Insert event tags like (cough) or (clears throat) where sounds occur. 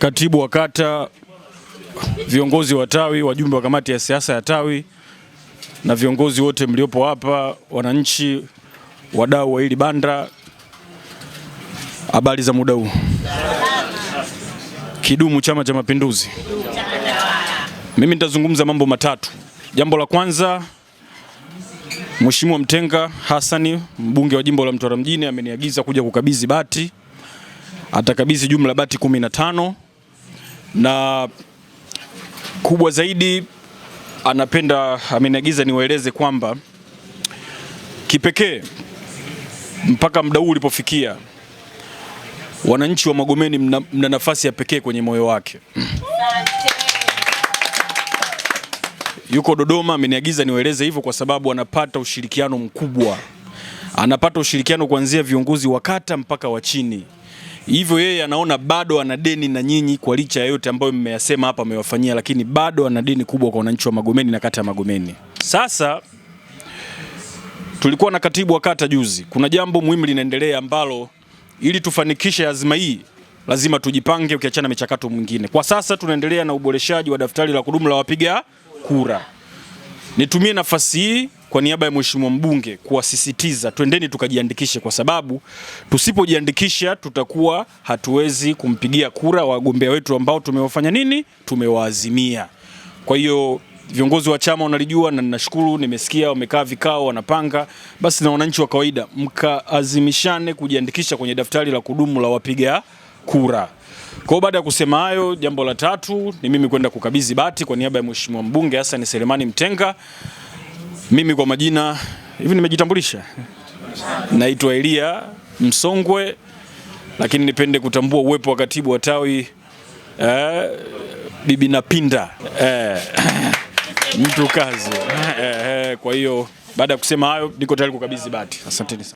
Katibu wa kata, viongozi wa tawi, wajumbe wa kamati ya siasa ya tawi na viongozi wote mliopo hapa, wananchi, wadau wa hili banda, habari za muda huu. Kidumu Chama cha Mapinduzi! Mimi nitazungumza mambo matatu. Jambo la kwanza, Mheshimiwa Mtenga hasani mbunge wa jimbo la Mtwara mjini, ameniagiza kuja kukabidhi bati. Atakabidhi jumla bati 15 na kubwa zaidi anapenda ameniagiza niwaeleze kwamba kipekee mpaka muda huu ulipofikia, wananchi wa Magomeni mna, mna nafasi ya pekee kwenye moyo wake. Yuko Dodoma, ameniagiza niwaeleze hivyo kwa sababu anapata ushirikiano mkubwa, anapata ushirikiano kuanzia viongozi wa kata mpaka wa chini hivyo yeye anaona bado ana deni na nyinyi, kwa licha ya yote ambayo mmeyasema hapa mmewafanyia, lakini bado ana deni kubwa kwa wananchi wa Magomeni na kata ya Magomeni. Sasa tulikuwa na katibu wa kata juzi, kuna jambo muhimu linaendelea ambalo ili tufanikishe azma hii lazima tujipange, ukiachana michakato mwingine. Kwa sasa tunaendelea na uboreshaji wa daftari la kudumu la wapiga kura. Nitumie nafasi hii kwa niaba ya mheshimiwa mbunge kuwasisitiza twendeni tukajiandikishe, kwa sababu tusipojiandikisha tutakuwa hatuwezi kumpigia kura wagombea wetu ambao tumewafanya nini, tumewaazimia. Kwa hiyo viongozi wa chama wanalijua na ninashukuru, nimesikia wamekaa vikao wanapanga. Basi na wananchi wa kawaida mkaazimishane kujiandikisha kwenye daftari la kudumu la wapiga kura. Kwa baada ya kusema hayo, jambo la tatu ni mimi kwenda kukabidhi bati kwa niaba ya Mheshimiwa mbunge Hassan Selemani Mtenga. Mimi kwa majina hivi nimejitambulisha, naitwa Elia Msongwe, lakini nipende kutambua uwepo wa katibu wa tawi eh, Bibi Napinda eh, (clears throat) mtu kazi eh, eh, kwa hiyo baada ya kusema hayo niko tayari kukabidhi bati. Asanteni sana.